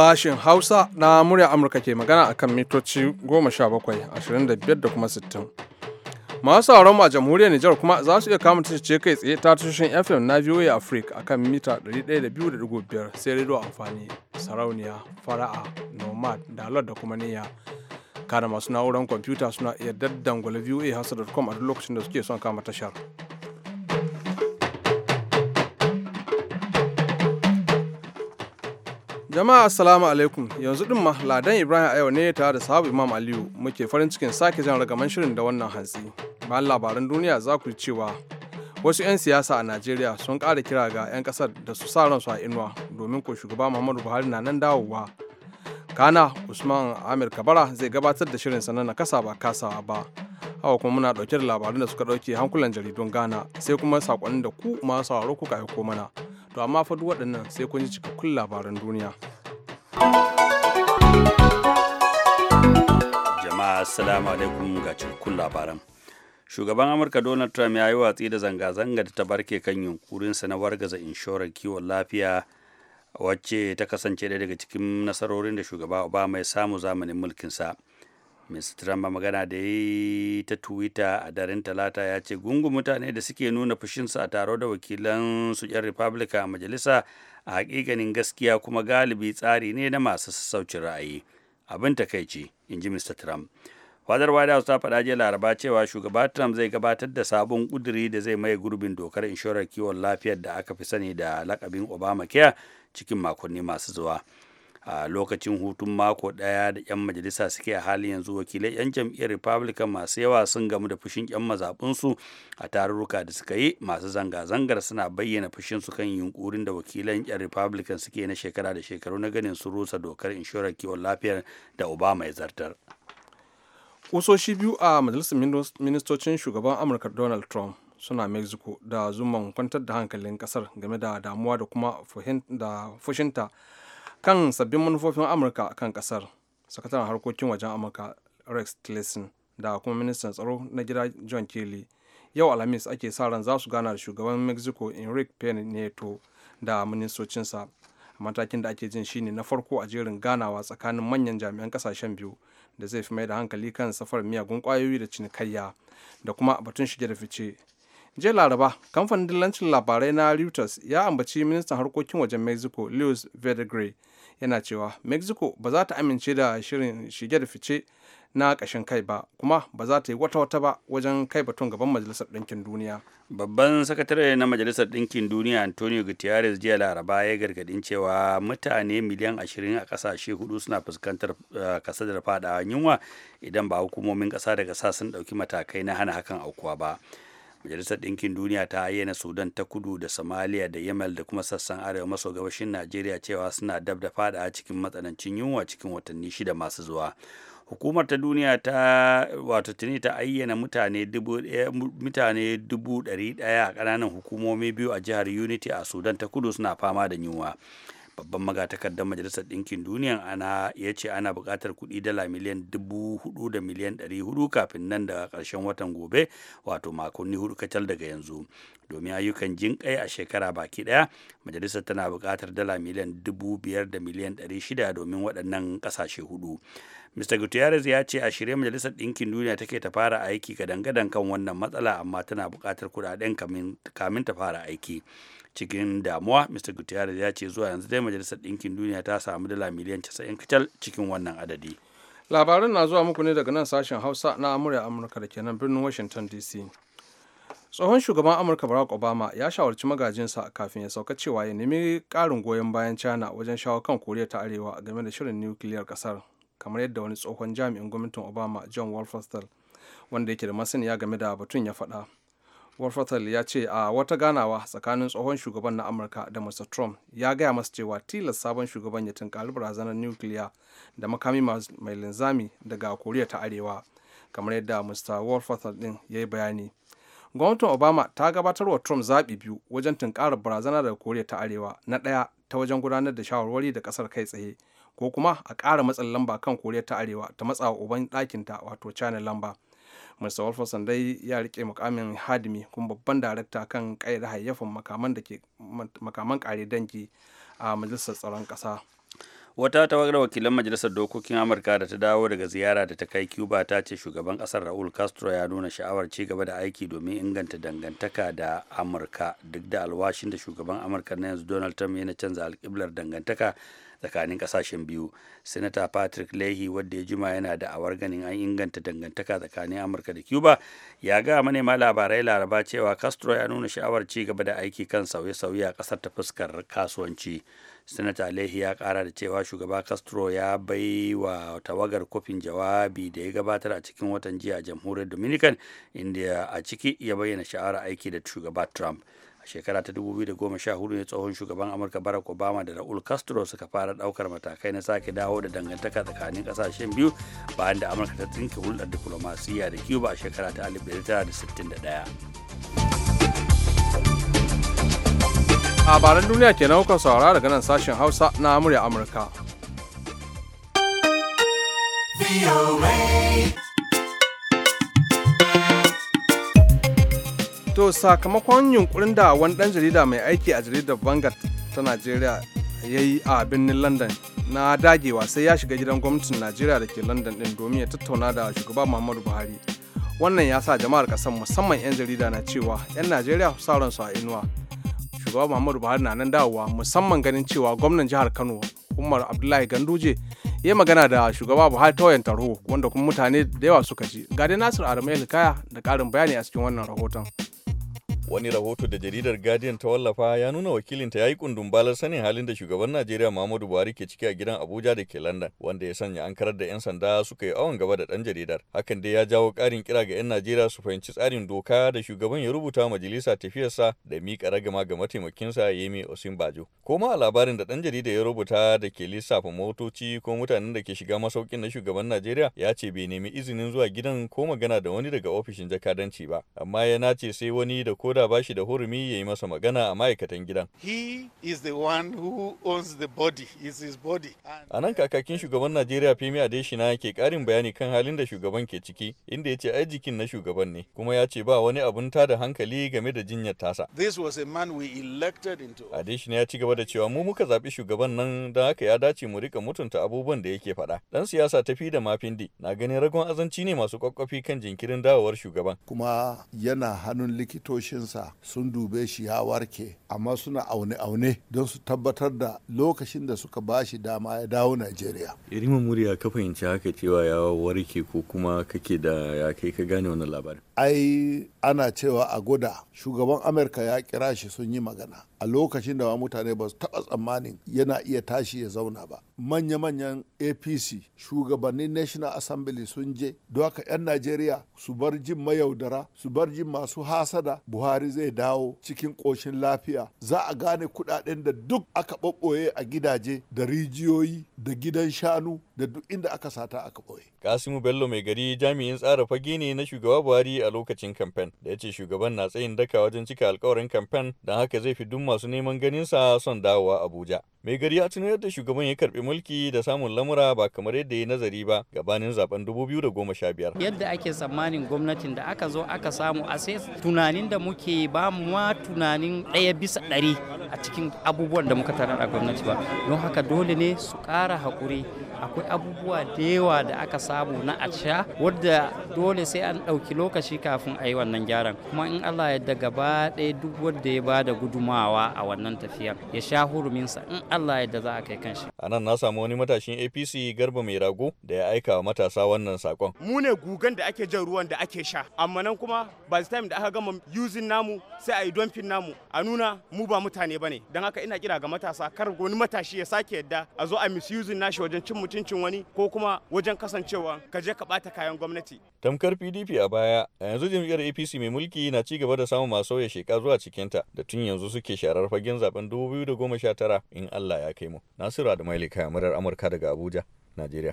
Sashen Hausa na murya Amurka ke magana a kan mitoci 17, da kuma 60. Masu sauran a jamhuriyar Nijar kuma za su iya kama ce kai tsaye ta tushen FM na VOA Africa a kan mita 102.5 sai rediyo amfani sarauniya fara'a nomad dalar da kuma niyya. kada masu na'urar kwamfuta suna iya daddangwala voa hasa.com a duk lokacin da suke son kama tashar. Jama'a assalamu alaikum yanzu din ma Ladan Ibrahim Ayo ne tare da sahabu Imam Aliyu muke farin cikin sake jan ragaman shirin da wannan hantsi. Bayan labaran duniya za ku cewa wasu 'yan siyasa a Najeriya sun ƙara kira ga 'yan ƙasar da su sa ransu a inuwa domin ko shugaba Muhammadu Buhari na nan dawowa. Kana Usman Amir Kabara zai gabatar da shirin sanar na kasa ba kasa ba. Hawa kuma muna ɗauke da labaran da suka ɗauke hankulan jaridun Ghana sai kuma saƙonin da ku masu sauraro kuka aiko mana. To amma fa duk waɗannan sai kun ji cikakkun labaran duniya. Jama'a salamu alaikum ga cikakkun labaran. shugaban amurka donald trump ya yi watsi da zanga-zanga da ta barke kan yunkurinsa na wargaza inshorar kiwon lafiya wacce ta kasance ɗaya daga cikin nasarorin da shugaba obama ya samu zamanin mulkinsa Mr. Trump magana da yi ta Twitter a daren talata ya ce gungu mutane da suke nuna fushinsu a taro da wakilan su 'yan Republican a majalisa a hakikanin gaskiya kuma galibi tsari ne na masu sassaucin ra'ayi. Abin takaici, in ji Mr. Trump. fadar white house ta faɗa jiya laraba cewa shugaba trump zai gabatar da sabon ƙuduri da zai maye gurbin dokar inshorar kiwon lafiyar da aka fi sani da lakabin obamacare cikin makonni masu zuwa a lokacin hutun mako ɗaya da 'yan majalisa suke a halin yanzu wakilai 'yan jam'iyyar republican masu yawa sun gamu da fushin 'yan mazaɓinsu a tarurruka da suka yi masu zanga-zangar suna bayyana fushin su kan yunkurin da wakilan 'yan republican suke na shekara da shekaru na ganin su rusa dokar inshorar kiwon lafiyar da obama ya zartar kusoshi biyu a majalisar ministocin shugaban amurka donald trump suna mexico da zuman kwantar da hankalin kasar game da damuwa da kuma fushinta kan sabbin manufofin amurka kan kasar sakataren harkokin wajen amurka rex tillerson da kuma ministan tsaro na gida john kelly yau alhamis ake sa ran za su gana da shugaban mexico enrique pena nieto da ministocinsa matakin da ake jin shine na farko a jerin ganawa tsakanin manyan jami'an kasashen biyu da zai fi mai da hankali kan safar miyagun kwayoyi da cinikayya da kuma batun shige da fice jiya laraba kamfanin dillancin labarai na reuters ya ambaci ministan harkokin wajen mexico luis verdegre yana cewa mexico ba za ta amince da shirin shige da fice na kashin kai ba kuma ba za ta yi wata-wata ba wajen kai batun gaban majalisar ɗinkin duniya babban sakatare na majalisar ɗinkin duniya antonio gutierrez jiya laraba ya gargadin cewa mutane miliyan ashirin a kasashe hudu suna fuskantar eh, kasadar fada yunwa idan ba hukumomin ƙasa da sa sun ɗauki matakai na hana hakan aukuwa ba majalisar ɗinkin duniya ta ayyana sudan ta kudu da somalia da yamal da kuma sassan arewa maso gabashin najeriya cewa suna dab da fada a cikin matsanancin yunwa cikin watanni shida masu zuwa hukumar ta duniya ta wato tuni ta ayyana mutane dubu eh, ɗaya a ƙananan hukumomi biyu a jihar unity a sudan ta kudu suna fama da yunwa babban magatakardar majalisar ɗinkin duniya ana ya ce ana buƙatar kuɗi dala miliyan dubu hudu da miliyan ɗari hudu kafin nan da ƙarshen watan gobe wato makonni hudu kacal daga yanzu domin ayyukan jinƙai a shekara baki ɗaya majalisar tana buƙatar dala miliyan dubu biyar da miliyan ɗari shida domin waɗannan ƙasashe hudu Mr. Gutierrez ya ce a shirye Majalisar Ɗinkin Duniya take ta fara aiki ga dangadan kan wannan matsala amma tana buƙatar kuɗaɗen kamin ta fara aiki. Cikin damuwa, Mr. Gutierrez ya ce zuwa yanzu dai Majalisar Ɗinkin Duniya ta samu dala miliyan 90 kacal cikin wannan adadi. Labaran na zuwa muku ne daga nan sashen Hausa na Amurya Amurka da ke nan birnin Washington DC. tsohon shugaban amurka barack obama ya shawarci magajinsa kafin ya sauka cewa ya nemi karin goyon bayan china wajen shawo kan koriya ta arewa game da shirin nukiliyar ƙasar. kamar yadda wani tsohon jami'in gwamnatin obama john wolfenstein wanda yake da masaniya game da batun ya faɗa wolfenstein ya ce a wata ganawa tsakanin tsohon shugaban na amurka da mr trump ya gaya masa cewa tilas sabon shugaban ya tunkari barazanar nukiliya da makami mai linzami daga koriya ta arewa kamar yadda mr wolfenstein din ya yi bayani gwamnatin obama ta gabatar wa trump zaɓi biyu wajen tunkarar barazana daga koriya ta arewa na ɗaya ta wajen gudanar da shawarwari da ƙasar kai tsaye ko kuma a ƙara matsin lamba kan koriya ta arewa ta matsawa uban ɗakin ta wato china lamba mr wolferson dai ya rike mukamin hadimi kuma babban darakta kan ƙayyade hayyafin makaman da ke makaman ƙare dangi a majalisar tsaron ƙasa wata tawagar wakilan majalisar dokokin amurka da ta dawo daga ziyara da ta kai cuba ta ce shugaban kasar raul castro ya nuna sha'awar ci gaba da aiki domin inganta dangantaka da amurka duk da alwashin da shugaban amurka na yanzu donald trump yana canza alkiblar dangantaka tsakanin kasashen biyu senator patrick leahy wadda ya jima yana da awar ganin an inganta dangantaka tsakanin amurka da cuba ya ga manema labarai laraba cewa castro ya nuna sha'awar ci gaba da aiki kan sauye-sauye a kasar ta fuskar kasuwanci senator leahy ya kara da cewa shugaba castro ya bai wa tawagar kofin jawabi da ya gabatar a cikin watan jiya a jamhuriyar dominican inda a ciki ya bayyana sha'awar aiki da shugaba trump a shekara ta 2014 ne tsohon shugaban amurka barack obama da raul castro suka fara daukar matakai na sake dawo da dangantaka tsakanin kasashen biyu bayan da amurka ta tsinke hulɗar diflomasiyya da cuba a shekara ta 1961 labaran duniya ke nauka saura daga nan sashen hausa na murya amurka VOA. to sakamakon yunkurin da wani dan jarida mai aiki a jaridar vanguard ta najeriya ya yi a birnin london na dagewa sai ya shiga gidan gwamnatin najeriya da ke london din domin ya tattauna da shugaba muhammadu buhari wannan ya sa jama'ar kasar musamman 'yan jarida na cewa 'yan najeriya sa ransu a inuwa shugaba muhammadu buhari na nan dawowa musamman ganin cewa gwamnan jihar kano umar abdullahi ganduje ya magana da shugaba buhari ta wayan tarho wanda kuma mutane da yawa suka ji ga dai nasir adamu kaya da karin bayani a cikin wannan rahoton Wani rahoto da jaridar Guardian ta wallafa ya nuna wakilinta ya yi balar sanin halin da shugaban Najeriya Muhammadu Buhari ke ciki a gidan Abuja da ke London, wanda ya sanya an karar da 'yan sanda suka yi awon gaba da ɗan jaridar. Hakan dai ya jawo karin kira ga 'yan Najeriya su fahimci tsarin doka da shugaban ya rubuta majalisa tafiyarsa da miƙa ragama ga mataimakinsa Yemi Bajo. Ko ma a labarin da dan jarida ya rubuta da ke lissafa motoci ko mutanen da ke shiga masaukin na shugaban Najeriya ya ce bai nemi izinin zuwa gidan ko magana da wani daga ofishin jakadanci ba, amma ya nace sai wani da koda da ba shi da hurumi ya yi masa magana a ma'aikatan gidan. A nan kakakin shugaban Najeriya Femi Adesina ke karin bayani kan halin da shugaban ke ciki inda ya ce ai jikin na shugaban ne kuma ya ce ba wani abun ta da hankali game da jinyar tasa. Adesina ya ci gaba da cewa mu muka zaɓi shugaban nan don haka ya dace mu rika mutunta abubuwan da yake faɗa. ɗan siyasa tafi da mafindi na gani ragon azanci ne masu kwakwafi kan jinkirin dawowar shugaban. Kuma yana hannun likitoshin kansa sun dube shi ya warke amma suna aune-aune don su tabbatar da lokacin da suka ba shi dama ya dawo Najeriya. Irin murya ka fahimci haka cewa ya warke ko kuma kake da ya kai ka gane wani labarin. ai ana cewa a guda shugaban amurka ya kira shi sun yi magana a lokacin da mutane ba su taɓa tsammanin yana iya tashi ya zauna ba manya-manyan apc shugabannin national assembly sun je don haka 'yan najeriya su bar jin mayaudara su bar jin masu hasada buhari zai dawo cikin ƙoshin lafiya za a gane kudaden da duk aka ɓaɓɓoye a gidaje da rijiyoyi da gidan shanu da duk inda aka sata aka ɓoye kasimu bello mai gari jami'in tsara fage ne na shugaba buhari lokacin kamfen da ya ce shugaban na tsayin daka wajen cika alkawarin kamfen don haka zai fi duk masu neman ganin sa son dawowa Abuja. mai gari ya tunar da shugaban ya karbi mulki da samun lamura ba kamar yadda ya nazari ba gabanin zaben 2015 yadda ake tsammanin gwamnatin da aka zo aka samu a sai tunanin da muke ba ma tunanin ɗaya bisa ɗari a cikin abubuwan da muka tarar a gwamnati ba don haka dole ne su kara haƙuri akwai abubuwa da yawa da aka samu na a sha wadda dole sai an ɗauki lokaci kafin a yi wannan gyaran kuma in Allah ya da gaba ɗaya duk wanda ya ba da gudumawa a wannan tafiyar ya sha huruminsa in Allah yadda za a kai kanshi. A nan na samu wani matashin APC Garba Mai Rago da ya aika wa matasa wannan sakon. Mu ne gugan da ake jan ruwan da ake sha, amma nan kuma ba the time da aka gama using namu sai a yi donfin namu a nuna mu ba mutane ba ne Don haka ina kira ga matasa kar wani matashi ya sake yadda a zo a misusing nashi wajen cin mutuncin wani ko kuma wajen kasancewa ka je ka bata kayan gwamnati. Tamkar PDP a baya, a yanzu jam'iyyar APC mai mulki na ci gaba da samun masu sauya sheka zuwa cikinta da tun yanzu suke sharar fagen zaben 2019 in Allah ya kai mu Nasiru da kaya murar Amurka daga Abuja Najeriya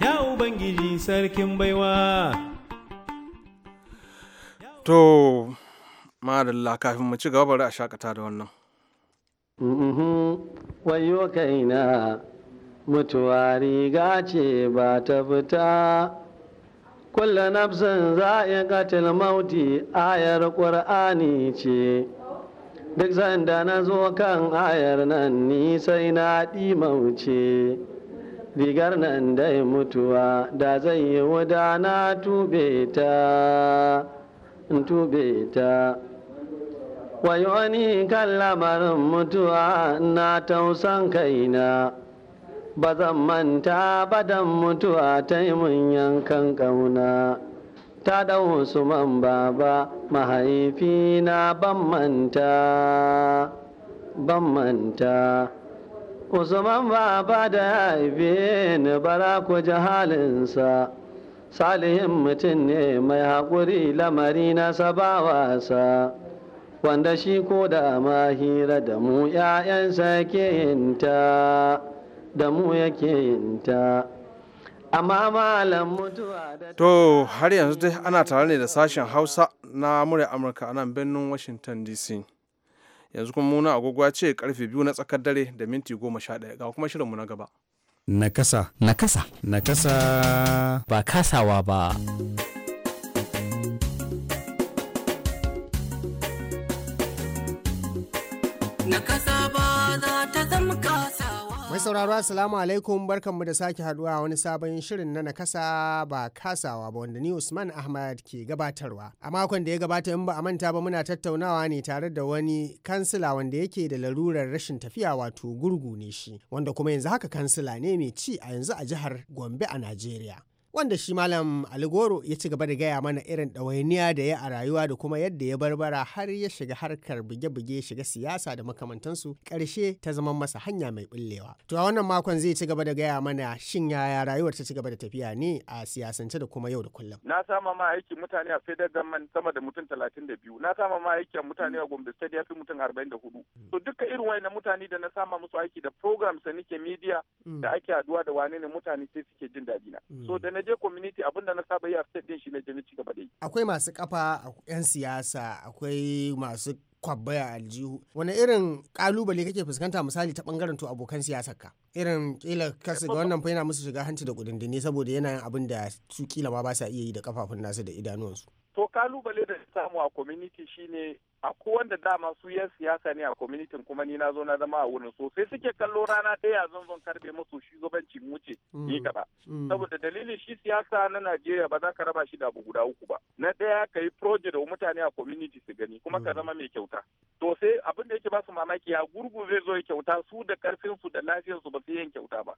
Ya Ubangiji sarkin baiwa To madalla kafin mu ci gaba bari a shakata da wannan wayo kaina mutuwa riga ce ba ta fita kulla nafsin za za'iqatil mauti ayar ƙwar'ani ce duk sanda na zo kan ayar nan ni sai na ɗi mauce rigar nan dai mutuwa da zai yi wuda na tube ta tube ta wani kan lamarin mutuwa na tausan kaina ba zan manta ba dan mutuwa ta yi mun yankan ƙauna ta ɗau man baba mahaifina ban manta ban manta usman baba da ya haife ni bara ku ji halinsa salihin mutum ne mai haƙuri lamari na sabawasa wanda shi ko da mahira da mu 'ya'yansa ke yinta. da mu yake yin ta amma malam mutuwa da to har yanzu dai ana tare ne da sashen hausa na murya amurka a nan birnin washington dc yanzu kuma muna agogwa ce karfe biyu na tsakar dare da minti goma sha ɗaya ga kuma shirinmu na gaba nakasa nakasa nakasa ba kasawa ba nakasa ba Mai sauraro 'asalamu alaikum barkanmu da sake haduwa wani sabon shirin na nakasa ba kasawa ba wanda ni Usman Ahmad ke gabatarwa. A makon da ya gabata in ba a manta ba muna tattaunawa ne tare da wani kansila wanda yake da larurar rashin tafiya wato gurgu ne shi wanda kuma yanzu haka kansila ne mai ci a yanzu a jihar Gombe a Najeriya. wanda shi malam aligoro ya ci gaba da gaya mana irin ɗawainiya da ya a rayuwa da kuma yadda ya barbara har ya shiga harkar buge-buge shiga siyasa da makamantansu ƙarshe ta zama masa hanya mai ɓullewa to a wannan makon zai ci gaba da gaya mana shin yaya rayuwar ta ci gaba da tafiya ne a siyasance da kuma yau da kullum na sama ma aiki mutane a federal sama da mutum talatin da biyu na sama ma aikin mutane a gombe state ya fi mutum arba'in da hudu hmm. to duka irin na mutane da na sama musu aiki da programs da nike media hmm. da ake haduwa da wane ne mutane sai suke jin daɗi na hmm. so da na je community abin da na saba yi a state din shi ne je na ci gaba da yi akwai masu kafa yan siyasa akwai masu kwabbaya aljihu wani irin kalubale kake fuskanta misali ta bangaren to abokan siyasar ka irin kila kasu ga wannan fa yana musu shiga hanci da kudindini saboda yana yin abin da su kila ma ba sa iya yi da kafafun nasu da idanuwansu to kalubale da samu a community shine akwai wanda dama su yan siyasa ne a kwamitin kuma ni na zo na zama a wurin so sai suke kallo rana ɗaya zan zan karbe musu shugabancin wuce mm. ni kaɗa mm. saboda dalilin shi siyasa na Najeriya ba za ka raba shi da abu guda uku ba na ɗaya ka yi project da mutane a community su gani kuma ka mm. zama mai kyauta to sai abin da yake ba su mamaki ya gurgu zai zo ya kyauta su da karfin su da lafiyar su ba su yin kyauta ba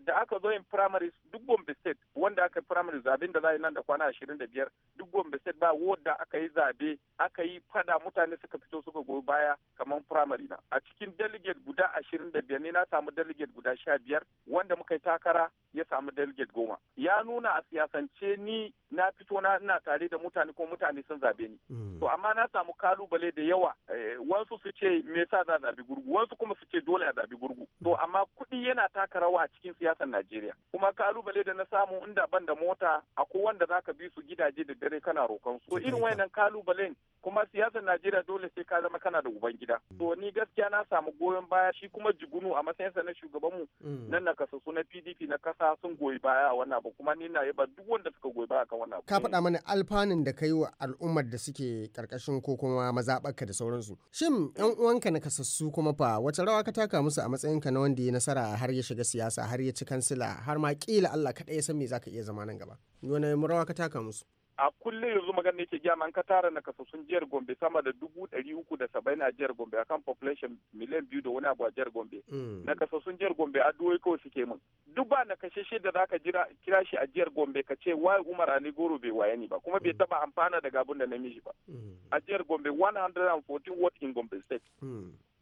da aka zo yin primaries duk Gombe state wanda aka yi primaries zaben da za yi nan da kwana da biyar duk Gombe state ba wadda aka yi zabe aka yi fada mutane suka fito suka goyi baya kamar firamare na a cikin delegate guda ashirin da biyar ne na samu delegate guda sha biyar wanda muka yi takara ya samu delegate goma ya nuna a siyasance ni na fito na ina tare da mutane ko mutane sun zabe ni hmm. to amma na samu kalubale da yawa eh, wasu su ce me yasa za zabi gurgu wasu kuma su ce dole a zabi gurgu to amma kuɗi yana taka rawa a cikin siyasar Najeriya kuma kalubale da na samu inda ban da mota akwai wanda zaka bi su gidaje da dare kana roƙon su irin wayannan kalubalen kuma siyasar Najeriya dole sai ka zama kana da uban gida mm. To ni gaskiya na samu goyon baya shi kuma jigunu a matsayinsa na shugabanmu mm. nan na kasasu na PDP na kasa sun goyi baya a wannan abu kuma ni na yaba duk wanda suka goyi baya kan wannan abu. Ka faɗa mana alfanun da kai wa al'ummar da suke karkashin ko kuma mazaɓarka da sauransu. Shin yan uwanka na kasassu kuma fa wace rawa ka taka musu a matsayinka na wanda ya nasara har ya shiga siyasa har ya ci kansila har ma kila Allah kaɗai ya san me zaka iya zama nan gaba. Wani rawa ka taka musu? a kullum yanzu magana yake gya an ka tara na sun jiyar gombe sama da dubu ɗari uku da saba'in a jiyar gombe akan population miliyan biyu da wani abu a jiyar gombe mm. na sun jiyar gombe a duwai kawai suke mun. duk ba na shi da za ka kira shi a jiyar gombe ka ce wai umar ali goro bai waye ni ba kuma bai mm. taba amfana daga abin da na mishi ba mm. a jiyar gombe 114 watt in gombe state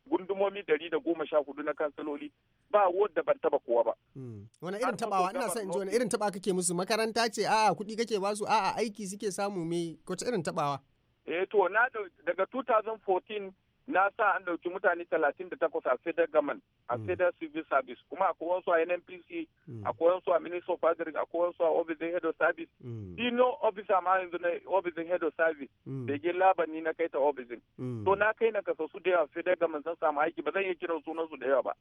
gundumomi dari da goma sha hudu na kansaloli ba wadda ban taba kowa ba. Hmm. Wani irin tabawa ina son ji wani irin taba kake musu makaranta ce a'a kuɗi kake basu a'a aiki suke samu mai kwace irin tabawa. Eh to na daga 2014 na sa an ɗauki mutane 38 a federal government a mm. federal civil service kuma a kowansu a nnpc a kowansu a minister of agriculture a kowansu a office head of service mm. no officer ma yanzu na office head of service mm. da ke labani na kai ta office to na kai na kasa su da yawa federal government sun samu aiki ba zan iya kiran sunan su da yawa ba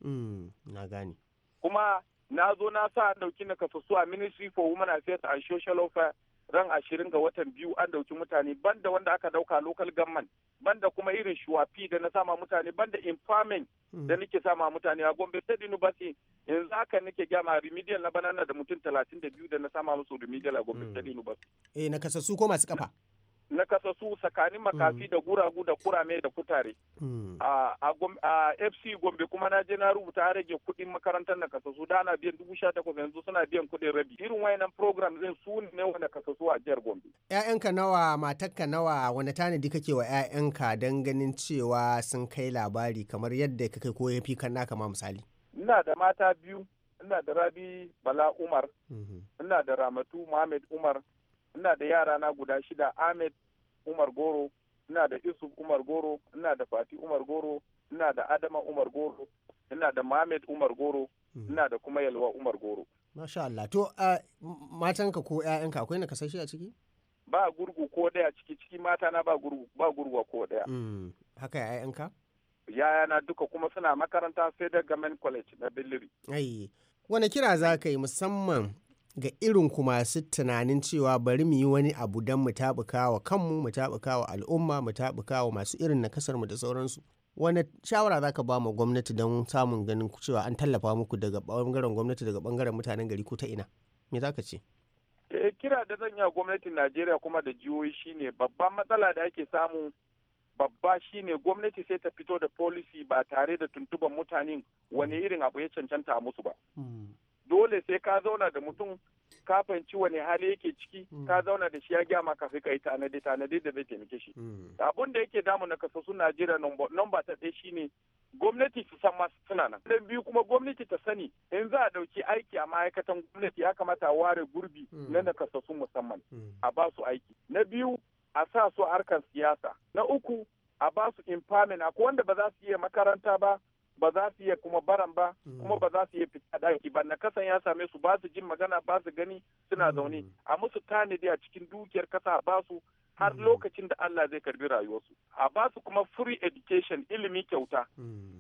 na gane kuma na zo na sa an ɗauki na kasa su a ministry for women affairs and social welfare ran ashirin ga watan biyu an dauki mutane banda wanda aka dauka local government banda kuma irin shuwafi da na sama mutane banda infamin hmm. da nake sama mutane a gombe state university yanzu haka nake gyama remedial na banana da mutum talatin da biyu da na sama musu remedial a gombe state hmm. university eh na kasassu ko masu kafa na kasa tsakanin makafi mm. da guragu da kurame da kutare mm. a fc gombe kuma na je na rubuta rage kuɗin makarantar na kasa su dana biyan dubu sha takwas yanzu suna biyan kuɗin rabi irin wayannan program zai su ne wanda kasa a jihar gombe Ya'yanka nawa matarka nawa wani tanadi kake wa ƴaƴanka don ganin cewa sun kai labari kamar yadda kake ko yafi kan naka ma misali ina da mata biyu ina da rabi bala umar mm-hmm. ina da ramatu muhammad umar ina da yara na guda shida ahmed umar goro ina da yusuf umar goro ina da fati umar goro ina da adama umar goro ina da mohammed umar goro mhm. ina da kuma yalwa umar goro masha Allah to matanka ko 'ya'yanka akwai na kasashe a ciki ba gurgu ko daya ciki ciki mata na ba gurgu ba gurguwa ko daya mm. Haka haka 'ya'yanka yaya na duka kuma suna makaranta sai da gamen college na billiri ai wani kira za ka yi musamman ga irin ku masu tunanin cewa bari mu yi wani abu don mu taɓuka wa kanmu mu taɓuka wa al'umma mu taɓuka wa masu irin na kasar mu da sauransu wani shawara za ka ba mu gwamnati don samun ganin cewa an tallafa muku daga bangaren gwamnati daga bangaren mutanen gari ko ta ina me za ka ce eh, kira da zan yi gwamnatin najeriya kuma da jihohi shine babban matsala da ake samu babba shine gwamnati sai ta fito da policy ba tare da tuntuban mutanen wani irin abu ya cancanta musu ba hmm. dole sai ka zauna da mutum ka fahimci wani hali yake ciki mm. ka zauna da shi ya gya maka sai kai tanadi tanadi da zai taimake shi mm. abun da yake damu na kasassun Najeriya nomba ta ɗaya ne gwamnati su san masu suna nan dan biyu kuma gwamnati ta sani in za a ɗauki aiki a ma'aikatan gwamnati ya kamata a ware gurbi mm. na nakasassun musamman a ba su aiki na biyu a sa su harkar siyasa na uku a ba su impamen akwai wanda ba za su iya makaranta ba ba za su iya kuma baran ba mm. kuma ba za su iya fita daki ba na kasan ya same su ba su jin magana ba su gani suna mm. zaune a musu tanadi a cikin dukiyar kasa ba su har mm. lokacin da Allah zai karbi rayuwarsu a ba su kuma free education ilimi kyauta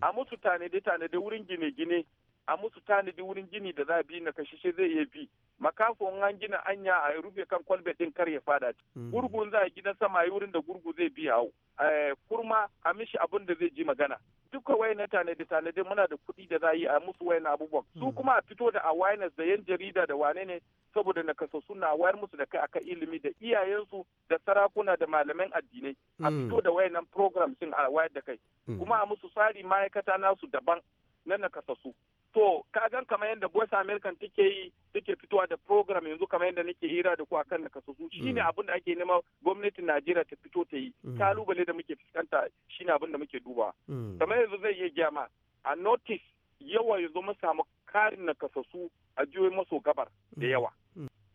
a musu tanadi tanadi wurin gine-gine a musu tanadi wurin gini da za a bi na kashishe zai iya bi in an gina anya a rufe kan kwalbe din kar ya fada hmm. gurgun za a gina sama yi wurin da gurgu zai biya hau eh, kurma a mishi abin da zai ji magana duka wayan na tanadi tanadi muna da kuɗi da za yi a musu wayan abubuwan su hmm. kuma a fito da awareness da yan jarida da wane ne saboda na kaso suna wayar musu da kai aka ilimi da iyayensu da sarakuna da malaman addinai a hmm. fito da wayannan program sun a wayar da kai kuma a musu tsari ma'aikata nasu daban na nakasassu to ka gan kamar yadda voice american take yi take fitowa da program yanzu kamar yadda nake hira da ku akan na kasusu shine mm. abin da ake nema gwamnatin najeriya ta fito ta yi mm. kalubale da muke fuskanta shine abin da muke duba mm. kamar yanzu zai iya gyama a notice yawa yanzu mu samu karin na kasasu a jihohi maso gabar da yawa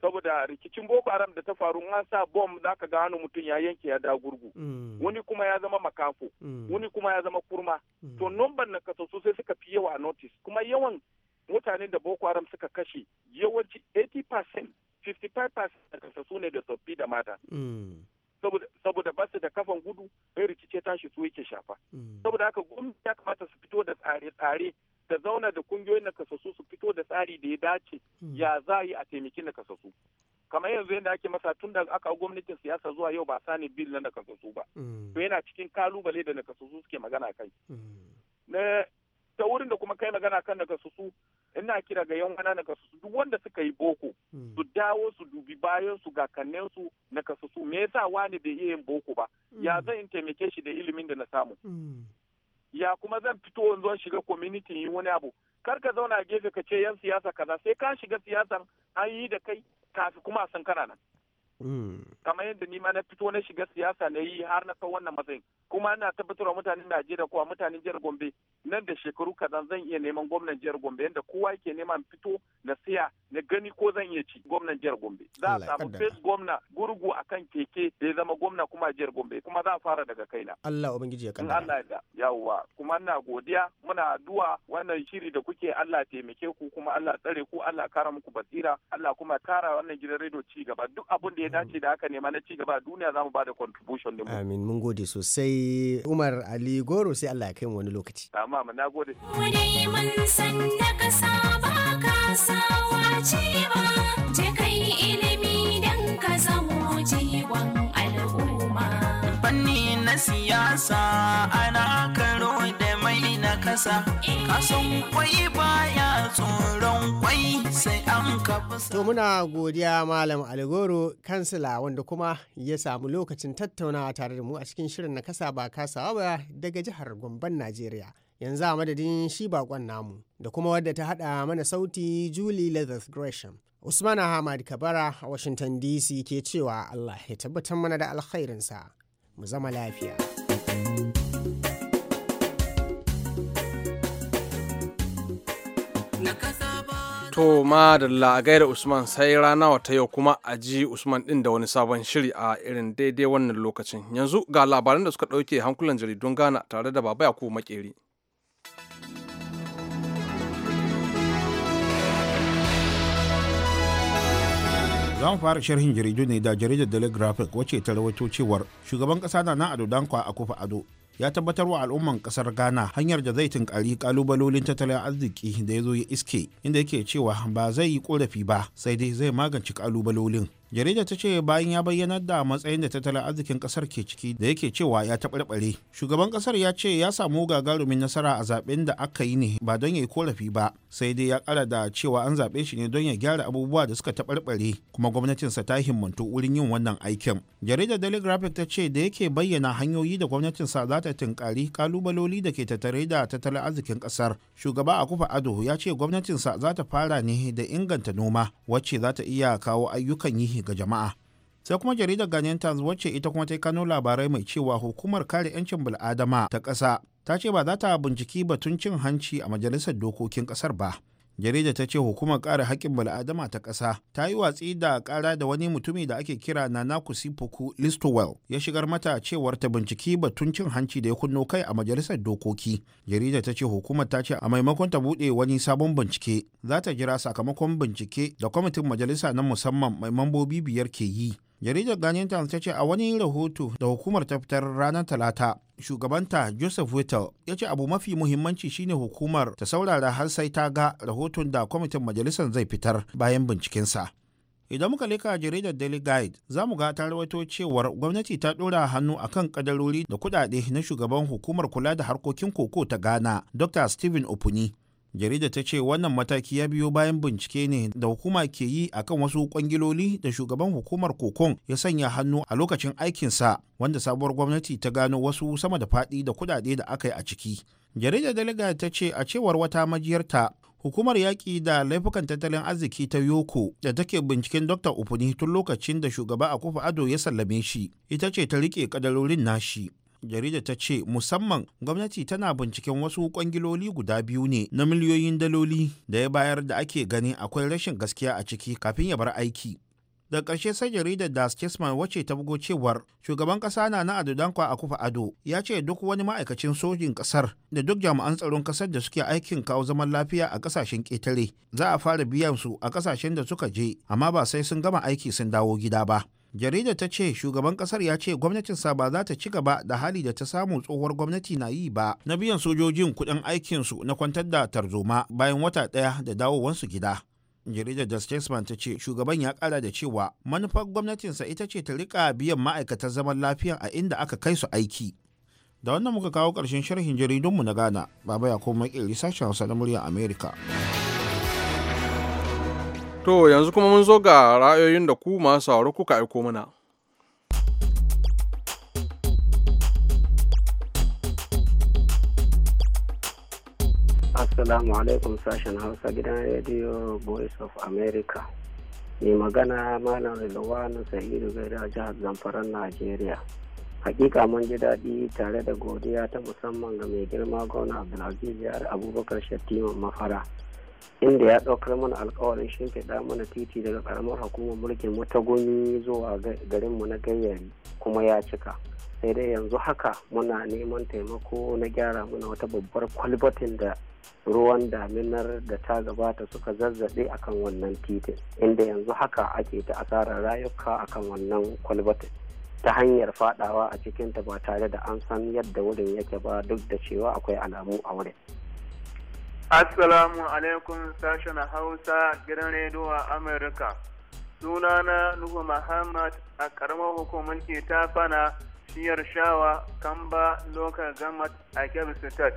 saboda rikicin boko haram da ta faru an sa bom da aka ga mutum ya yanke ya dagurgu mm. wani kuma ya zama makafo mm. wani kuma ya zama kurma mm. to nomban na kaso sosai suka fi yawa a notice kuma yawan mutanen da boko haram suka kashe yawanci 80% 55% da su ne da tsoffi da mata saboda ba su da kafan gudu rikici rikice tashi su yake shafa saboda haka gwamnati ya kamata su fito da tsare-tsare ta zauna da kungiyoyin nakasassu su fito da tsari da ya dace hmm. ya za yi a taimaki nakasassu kamar yanzu yadda ake masa tun da aka gwamnatin siyasa zuwa yau ba sani bil na nakasassu ba hmm. to yana cikin kalubale da nakasassu suke magana kai hmm. na ta wurin da kuma kai magana kan nakasassu ina kira ga yan wana nakasassu duk wanda suka yi boko su dawo su dubi bayan su kannen su nakasassu me yasa wani bai iya yin boko ba ya zan in taimake shi da ilimin da na samu ya kuma zan fito in zo shiga community yi wani abu kar ka zauna a gefe ka ce yan siyasa kaza sai ka shiga siyasar an yi da kai kafi kuma san kana nan Mm. kamar yadda ni ma na fito na shiga siyasa na yi har na san wannan matsayin kuma ina wa mutanen Najeriya ko mutanen jihar Gombe nan da shekaru kadan zan iya neman gwamnan jihar Gombe yadda kowa yake neman fito na siya na gani ko zan iya ci gwamnan jihar Gombe za a samu face gwamna gurgu akan keke da ya zama gwamna kuma jihar Gombe kuma za a fara daga kaina Allah ubangiji ya kaddara Allah ya yawa kuma ina godiya muna addu'a wannan shiri da kuke Allah taimake ku kuma Allah tsare ku Allah kara muku basira Allah kuma kara wannan gidan rediyo ci gaba duk abin da ya dace da haka ne ma na ci gaba duniya zamu bada contribution din amin mun gode sosai Umar Ali Goro sai Allah ya kai mu wani lokaci amma na gode mun san da ba ilimi dan ka zamo fanni na siyasa ana ka masa kasan kwai baya tsoron kwai sai an kafa to muna godiya malam algoro kansila wanda kuma ya samu lokacin tattaunawa tare da mu a cikin shirin na kasa ba kasawa ba daga jihar gomban najeriya yanzu a madadin shi bakon namu da kuma wadda ta hada mana sauti julie leather gresham usman ahmad kabara a washington dc ke cewa allah ya tabbatar mana da alkhairinsa mu zama lafiya. thank you To ma da lagai da Usman sai rana wata yau kuma a ji Usman ɗin da wani sabon shiri a irin daidai wannan lokacin. Yanzu ga labaran da suka ɗauke hankulan jaridun gana tare da Baba Yakubu Makeri. za mu fara sharhin jaridu ne da jaridar daily graphic wacce ta rawaito cewar shugaban ƙasa na na ado dankwa a kofa ado ya tabbatar wa al'umman kasar ghana hanyar da zai tunkari kalubalolin tattalin arziki da ya zo ya iske inda yake cewa ba zai yi korafi ba sai dai zai magance kalubalolin jarida ta ce bayan ya bayyanar da matsayin da tattalin arzikin kasar ke ciki da yake cewa ya taɓarɓare shugaban kasar ya ce ya samu gagarumin nasara a zaben da aka yi ne ba don ya yi korafi ba sai dai ya ƙara da cewa an zaɓe shi ne don ya gyara abubuwa da suka taɓarɓare kuma gwamnatinsa ta himmantu wurin yin wannan aikin jaridar daily graphic ta ce da yake bayyana hanyoyi da gwamnatinsa za ta tunkari kalubaloli da ke tattare da tattalin arzikin kasar shugaba akufa ado ya ce gwamnatinsa za ta fara ne da inganta noma wacce za ta iya kawo ayyukan yi tarihi ga jama'a sai kuma jaridar Ghanaian Times wacce ita kuma ta yi kano labarai mai cewa hukumar kare 'yancin bil'adama ta ƙasa ta ce ba za ta binciki batun cin hanci a majalisar dokokin ƙasar ba jarida ta ce hukumar kare haƙƙin bala'adama ta ƙasa ta yi watsi da ƙara da wani mutumi da ake kira nana kusipuku listowel ya shigar mata cewar ta binciki batun cin hanci da ya kunno kai a majalisar dokoki jarida ta ce hukumar ta ce a maimakon ta buɗe wani sabon bincike za ta jira sakamakon bincike da kwamitin majalisa na musamman mai mambobi biyar ke yi jaridar ganyen times ta ce a wani rahoto da hukumar ta fitar ranar talata shugabanta joseph whittle ya ce abu mafi muhimmanci shine hukumar ta saurara har sai ta ga rahoton da kwamitin majalisar zai fitar bayan bincikensa idan muka leka jaridar daily guide za mu ga ta rawaito cewar gwamnati ta ɗora hannu a kan kadarori da kudade na shugaban hukumar kula da harkokin koko ta ghana dr stephen opuni jarida ta ce wannan mataki ya biyo bayan bincike ne da hukuma ke yi akan wasu kwangiloli da shugaban hukumar kokon ya sanya hannu a lokacin aikinsa wanda sabuwar gwamnati ta gano wasu sama da faɗi da kudade da aka yi a ciki jarida daliga ta ce a cewar wata majiyarta hukumar yaƙi da laifukan tattalin arziki ta yoko da take binciken dr ufuni tun lokacin da shugaba a kufa ado ya sallame shi ita ce ta riƙe kadarorin nashi jarida ta ce musamman gwamnati tana binciken wasu kwangiloli guda biyu ne na miliyoyin daloli da ya bayar da ake gani akwai rashin gaskiya a ciki kafin ya bar aiki da ƙarshe sai jaridar das kisman wacce ta bugo cewar shugaban ƙasa na na ado dankwa a kufa ado ya ce duk wani ma'aikacin sojin ƙasar da duk jami'an tsaron ƙasar da suke aikin kawo zaman lafiya a ƙasashen ƙetare za a fara biyan su a ƙasashen da suka je amma ba sai sun gama aiki sun dawo gida ba jaridar ta ce shugaban kasar ya ce gwamnatinsa ba za ta ci gaba da hali da ta samu tsohuwar gwamnati na yi ba na biyan sojojin kuɗin aikinsu na kwantar da tarzoma bayan wata ɗaya da dawowansu gida jaridar da statesman ta ce shugaban ya kara da cewa manufar gwamnatinsa ita ce ta rika biyan ma'aikatan zaman lafiya a inda aka kai su aiki da wannan muka kawo ƙarshen sharhin jaridunmu na ghana baba ya kuma ƙirri sashen hausa na muryar america To yanzu kuma mun zo ga ra'ayoyin da ku masu sauraro kuka aiko mana. Assalamu alaikum sashen Hausa gidan Radio Voice of America. Mai magana Malam na Sa'idu Gaida jihar Zamfaran Najeriya. Hakika mun ji daɗi tare da godiya ta musamman ga mai girma gwamna Abdulaziz Yar Abubakar Shattima Mafara. inda ya ɗaukar mana alkawarin shimfiɗa mana titi daga ƙaramar hukumar mulkin gumi zuwa garin mu na gayyari kuma ya cika sai dai yanzu haka muna neman taimako na gyara muna wata babbar kwalbatin da ruwan daminar da ta gabata suka zazzabe akan wannan titin inda yanzu haka ake ta asarar rayuka akan wannan kwalbatin ta hanyar fadawa a cikinta ba tare da an san yadda wurin yake ba duk da cewa akwai alamu a wurin Assalamu alaikum sashen Hausa gidan rediyo a Amurka. Sunana Nuhu Muhammad a karamar hukumar ke ta fana shiyar shawa kamba local government a Kebbi State.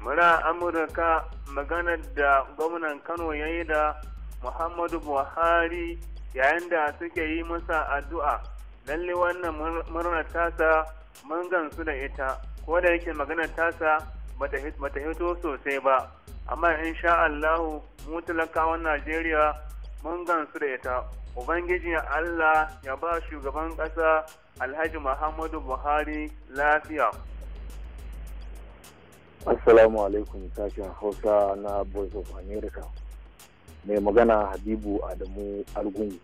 Muna Amurka maganar da gwamnan Kano ya yi da Muhammadu Buhari yayin da suke yi masa addu'a. Lalle wannan murnar tasa mun gansu da ita, ko da yake maganar tasa bata hito sosai ba. amma sha Allahu mu talakawan Najeriya mun gansu da ita Ubangiji Allah ya ba shugaban ƙasa Alhaji Muhammadu Buhari lafiya. Assalamu alaikum sashen Hausa na Voice of America. Mai magana Habibu Adamu Argungu.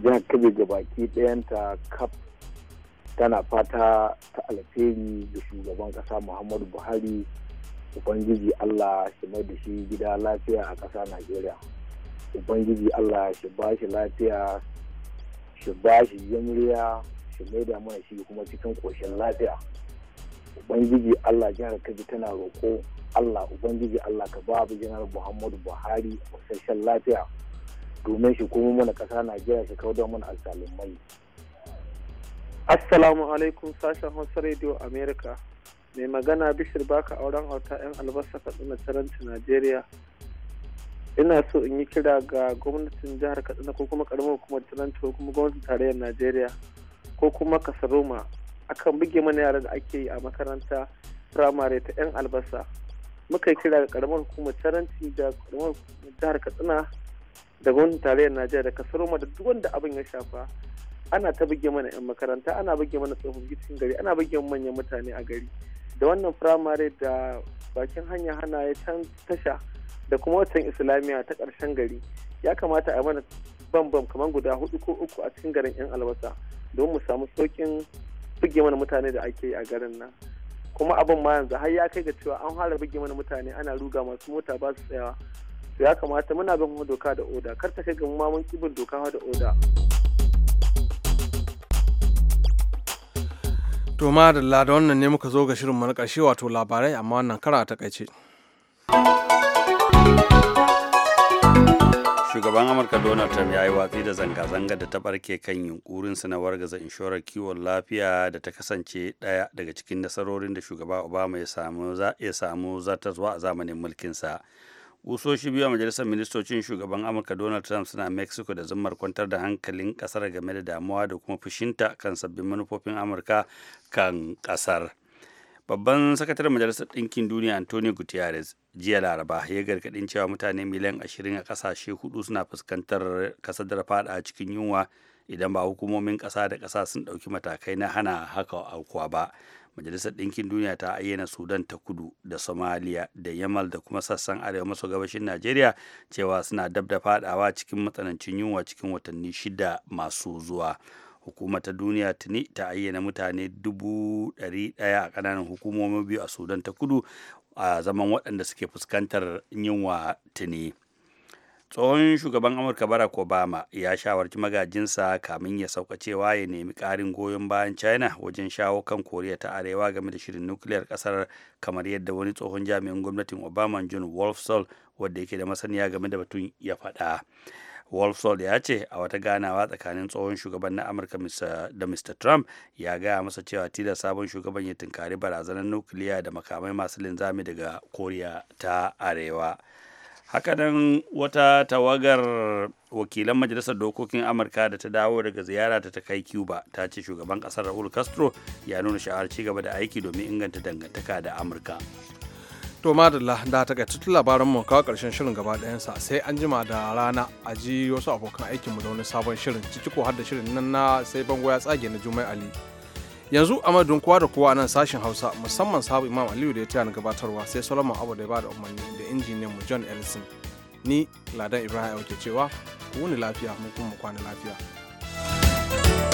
Jihar Kebbi gabaki ɗayanta kaf tana fata ta alfahari da shugaban ƙasa Muhammadu Buhari ubangiji allah shi mai da shi gida lafiya a ƙasa najeriya ubangiji allah shi ba shi lafiya shi ba shi yamriya shi mai da mana shi kuma cikin ƙoshin lafiya ubangiji allah jihar kaji tana roƙo allah ubangiji allah ka babu jinar muhammadu buhari isasshen lafiya domin shi kuma mana ƙasa najeriya shi kawo mana alƙalin mai assalamu alaikum sashen hausa radio america mai magana bishir baka auren hauta 'yan albasa katsina taranta najeriya ina so in yi kira ga gwamnatin jihar katsina ko kuma karamar hukumar taranta ko kuma gwamnatin tarayyar najeriya ko kuma kasaroma akan buge mana yara da ake yi a makaranta firamare ta 'yan albasa muka yi kira ga karamar hukumar taranta da karamar jihar katsina da gwamnatin tarayyar najeriya da kasaroma da duk wanda abin ya shafa ana ta buge mana 'yan makaranta ana buge mana tsohon gicin gari ana buge manyan mutane a gari da wannan firamare da bakin hanya hana ya can tasha da kuma watan islamiyya ta karshen gari ya kamata a mana bambam kamar guda hudu ko uku a cikin garin yan albasa don mu samu saukin buge mana mutane da ake yi a garin nan kuma abin ma yanzu har ya kai ga cewa an fara buge mana mutane ana ruga masu mota ba su tsayawa to ya kamata muna bin doka da oda kar ta kai ga mu ma mun kibin doka da oda. To ma da lada wannan ne muka zo ga mu na ƙarshe wato labarai amma wannan kara a takaice. Shugaban Amurka Donald Trump ya yi watsi da zanga-zanga da ta barke kan yunkurinsa na wargaza inshorar kiwon lafiya da ta kasance ɗaya daga cikin nasarorin da shugaba Obama ya samu zartaswa a zamanin mulkinsa. kusoshi biyu a majalisar ministocin shugaban amurka donald trump suna mexico da zimmar kwantar da hankalin kasar game da damuwa da kuma fushinta kan sabbin manufofin amurka kan kasar babban sakataren majalisar ɗinkin duniya antonio gutierrez jiya laraba ya gargaɗin cewa mutane miliyan ashirin a ƙasashe hudu suna fuskantar kasadar fada a cikin yunwa idan ba hukumomin ƙasa da ƙasa sun ɗauki matakai na hana haka aukuwa ba majalisar ɗinkin duniya ta ayyana sudan ta kudu da somaliya da yamal da kuma sassan arewa maso gabashin najeriya cewa suna dab da fadawa cikin matsanancin yunwa cikin watanni shida masu zuwa hukuma ta duniya tuni ta ayyana mutane dubu ɗari ɗaya a ƙananan hukumomi biyu a sudan ta kudu a zaman waɗanda suke fuskantar yunwa tuni tsohon shugaban amurka barack obama ya shawarci magajinsa kamin ya sauka cewa ya nemi karin goyon bayan china wajen shawo kan koriya ta arewa game da shirin nukiliyar kasar kamar yadda wani tsohon jami'in gwamnatin obama john wolfsall wadda yake da masaniya game da batun ya faɗa Wolfsall ya ce a wata ganawa tsakanin tsohon shugaban na Amurka da Mr. Trump ya gaya masa cewa tilas sabon shugaban ya tunkari barazanar nukiliya da makamai masu linzami daga Koriya ta Arewa. hakanan wata tawagar wakilan majalisar dokokin amurka da ta dawo daga ziyara ta kai cuba ta ce shugaban kasar raul castro ya nuna sha'awar gaba da aiki domin inganta dangantaka da amurka to madalla da ta ga labaran mu kawo karshen shirin gaba sa sai an jima da rana a ji wasu abokan aikin mu da wani sabon shirin ciki ko har da shirin nan na sai bango ya tsage na jumai ali yanzu a madadin kowa da kowa nan sashen hausa musamman sabu imam aliyu da ya tayar gabatarwa sai solomon abu da ya ba da umarni injiniyan mu John Ellison. Ni Ladan Ibrahim Auke cewa ku wuni lafiya mu kuma kwana lafiya.